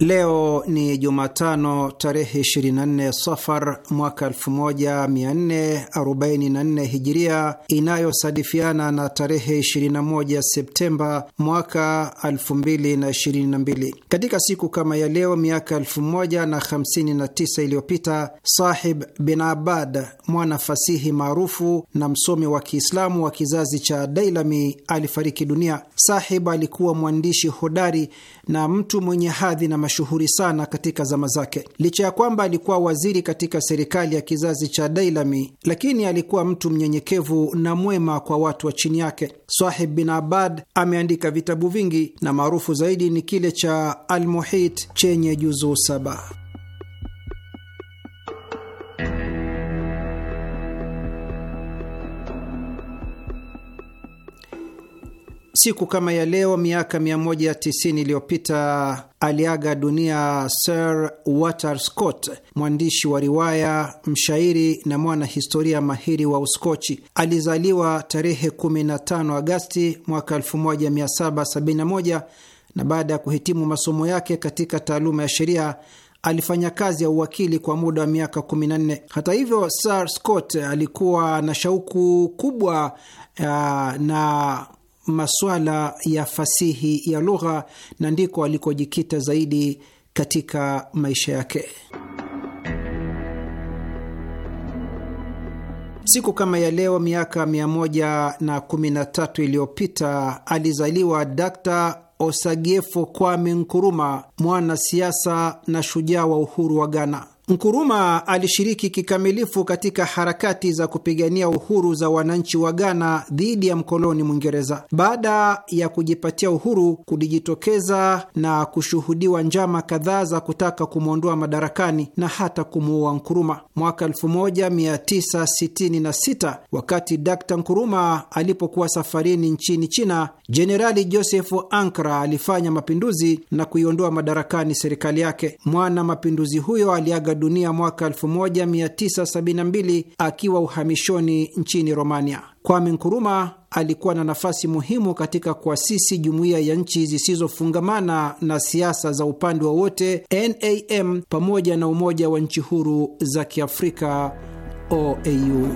Leo ni Jumatano tarehe 24 Safar mwaka 1444 Hijiria, inayosadifiana na tarehe 21 Septemba mwaka 2022. Katika siku kama ya leo miaka 1059 iliyopita, Sahib bin Abad, mwana fasihi maarufu na msomi wa Kiislamu wa kizazi cha Dailami, alifariki dunia. Sahib alikuwa mwandishi hodari na mtu mwenye hadhi na mashuhuri sana katika zama zake. Licha ya kwamba alikuwa waziri katika serikali ya kizazi cha Dailami, lakini alikuwa mtu mnyenyekevu na mwema kwa watu wa chini yake. Sahib bin Abad ameandika vitabu vingi na maarufu zaidi ni kile cha Almuhit chenye juzuu saba. Siku kama ya leo miaka 190 iliyopita aliaga dunia Sir Walter Scott, mwandishi wa riwaya, mshairi na mwanahistoria mahiri wa Uskochi. Alizaliwa tarehe 15 Agasti mwaka 1771 na baada ya kuhitimu masomo yake katika taaluma ya sheria alifanya kazi ya uwakili kwa muda wa miaka 14. Hata hivyo, Sir Scott alikuwa na shauku kubwa uh, na masuala ya fasihi ya lugha na ndiko alikojikita zaidi katika maisha yake. Siku kama ya leo miaka 113 iliyopita alizaliwa Dr. Osagyefo Kwame Nkuruma, mwanasiasa na shujaa wa uhuru wa Ghana. Nkuruma alishiriki kikamilifu katika harakati za kupigania uhuru za wananchi wa Ghana dhidi ya mkoloni Mwingereza. Baada ya kujipatia uhuru, kulijitokeza na kushuhudiwa njama kadhaa za kutaka kumwondoa madarakani na hata kumuua Nkuruma. Mwaka 1966 wakati d Nkuruma alipokuwa safarini nchini China, Jenerali Joseph Ankra alifanya mapinduzi na kuiondoa madarakani serikali yake. Mwana mapinduzi huyo aliaga dunia mwaka 1972 akiwa uhamishoni nchini Romania. Kwame Nkuruma alikuwa na nafasi muhimu katika kuasisi jumuiya ya nchi zisizofungamana na siasa za upande wowote NAM, pamoja na umoja wa nchi huru za Kiafrika OAU.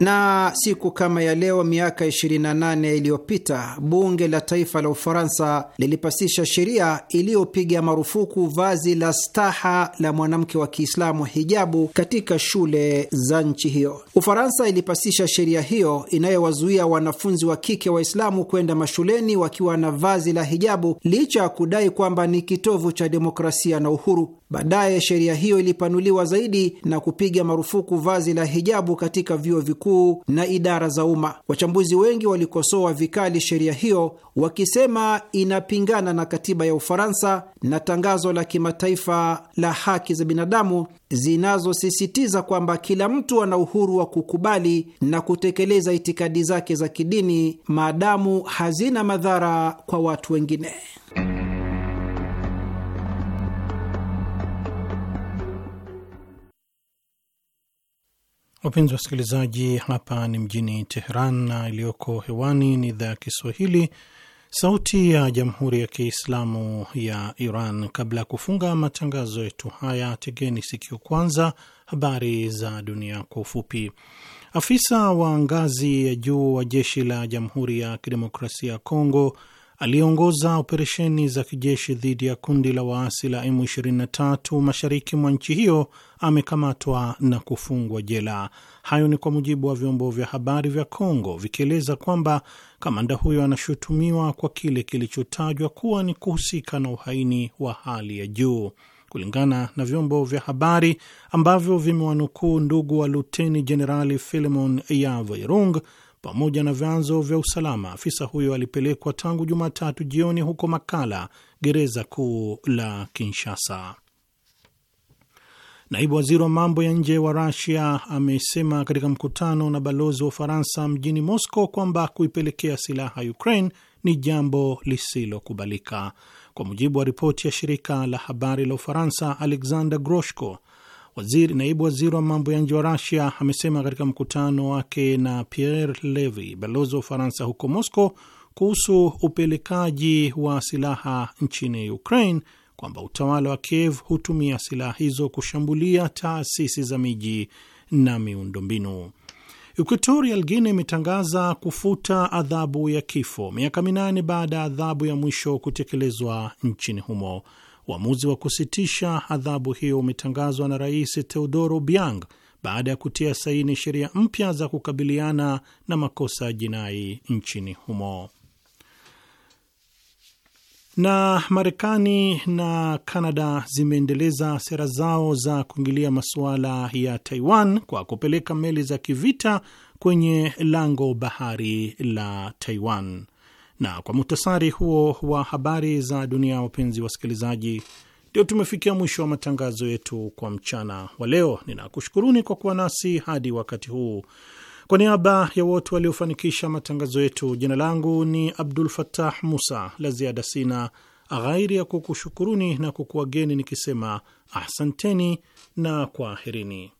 Na siku kama ya leo miaka 28 iliyopita bunge la taifa la Ufaransa lilipasisha sheria iliyopiga marufuku vazi la staha la mwanamke wa Kiislamu, hijabu, katika shule za nchi hiyo. Ufaransa ilipasisha sheria hiyo inayowazuia wanafunzi wa kike Waislamu kwenda mashuleni wakiwa na vazi la hijabu, licha ya kudai kwamba ni kitovu cha demokrasia na uhuru. Baadaye sheria hiyo ilipanuliwa zaidi na kupiga marufuku vazi la hijabu katika vyuo vikuu kuu na idara za umma. Wachambuzi wengi walikosoa vikali sheria hiyo wakisema inapingana na katiba ya Ufaransa na tangazo la kimataifa la haki za binadamu zinazosisitiza kwamba kila mtu ana uhuru wa kukubali na kutekeleza itikadi zake za kidini maadamu hazina madhara kwa watu wengine. Wapenzi wasikilizaji, hapa ni mjini Teheran na iliyoko hewani ni idhaa ya Kiswahili, Sauti ya Jamhuri ya Kiislamu ya Iran. Kabla ya kufunga matangazo yetu haya, tegeni sikio kwanza habari za dunia kwa ufupi. Afisa wa ngazi ya juu wa jeshi la Jamhuri ya Kidemokrasia ya Kongo aliyeongoza operesheni za kijeshi dhidi ya kundi la waasi la M23 mashariki mwa nchi hiyo amekamatwa na kufungwa jela. Hayo ni kwa mujibu wa vyombo vya habari vya Kongo vikieleza kwamba kamanda huyo anashutumiwa kwa kile kilichotajwa kuwa ni kuhusika na uhaini wa hali ya juu. Kulingana na vyombo vya habari ambavyo vimewanukuu ndugu wa luteni jenerali Filemon Yavoirung, pamoja na vyanzo vya usalama. Afisa huyo alipelekwa tangu Jumatatu jioni huko Makala, gereza kuu la Kinshasa. Naibu waziri wa mambo ya nje wa Rasia amesema katika mkutano na balozi wa Ufaransa mjini Moscow kwamba kuipelekea silaha Ukraine ni jambo lisilokubalika. Kwa mujibu wa ripoti ya shirika la habari la Ufaransa, Alexander Groshko, Waziri naibu waziri wa mambo ya nje wa Rasia amesema katika mkutano wake na Pierre Levy, balozi wa Ufaransa huko Moscow, kuhusu upelekaji wa silaha nchini Ukraine kwamba utawala wa Kiev hutumia silaha hizo kushambulia taasisi za miji na miundombinu. Equatorial Guinea imetangaza kufuta adhabu ya kifo miaka minane baada ya adhabu ya mwisho kutekelezwa nchini humo. Uamuzi wa kusitisha adhabu hiyo umetangazwa na Rais Teodoro Biang baada ya kutia saini sheria mpya za kukabiliana na makosa ya jinai nchini humo. Na Marekani na Kanada zimeendeleza sera zao za kuingilia masuala ya Taiwan kwa kupeleka meli za kivita kwenye lango bahari la Taiwan. Na kwa muhtasari huo wa habari za dunia, wapenzi wasikilizaji, ndio tumefikia mwisho wa matangazo yetu kwa mchana wa leo. Ninakushukuruni kwa kuwa nasi hadi wakati huu. Kwa niaba ya wote waliofanikisha matangazo yetu, jina langu ni Abdul fatah Musa. La ziada sina ghairi ya kukushukuruni na kukuwageni nikisema ahsanteni na kwaherini.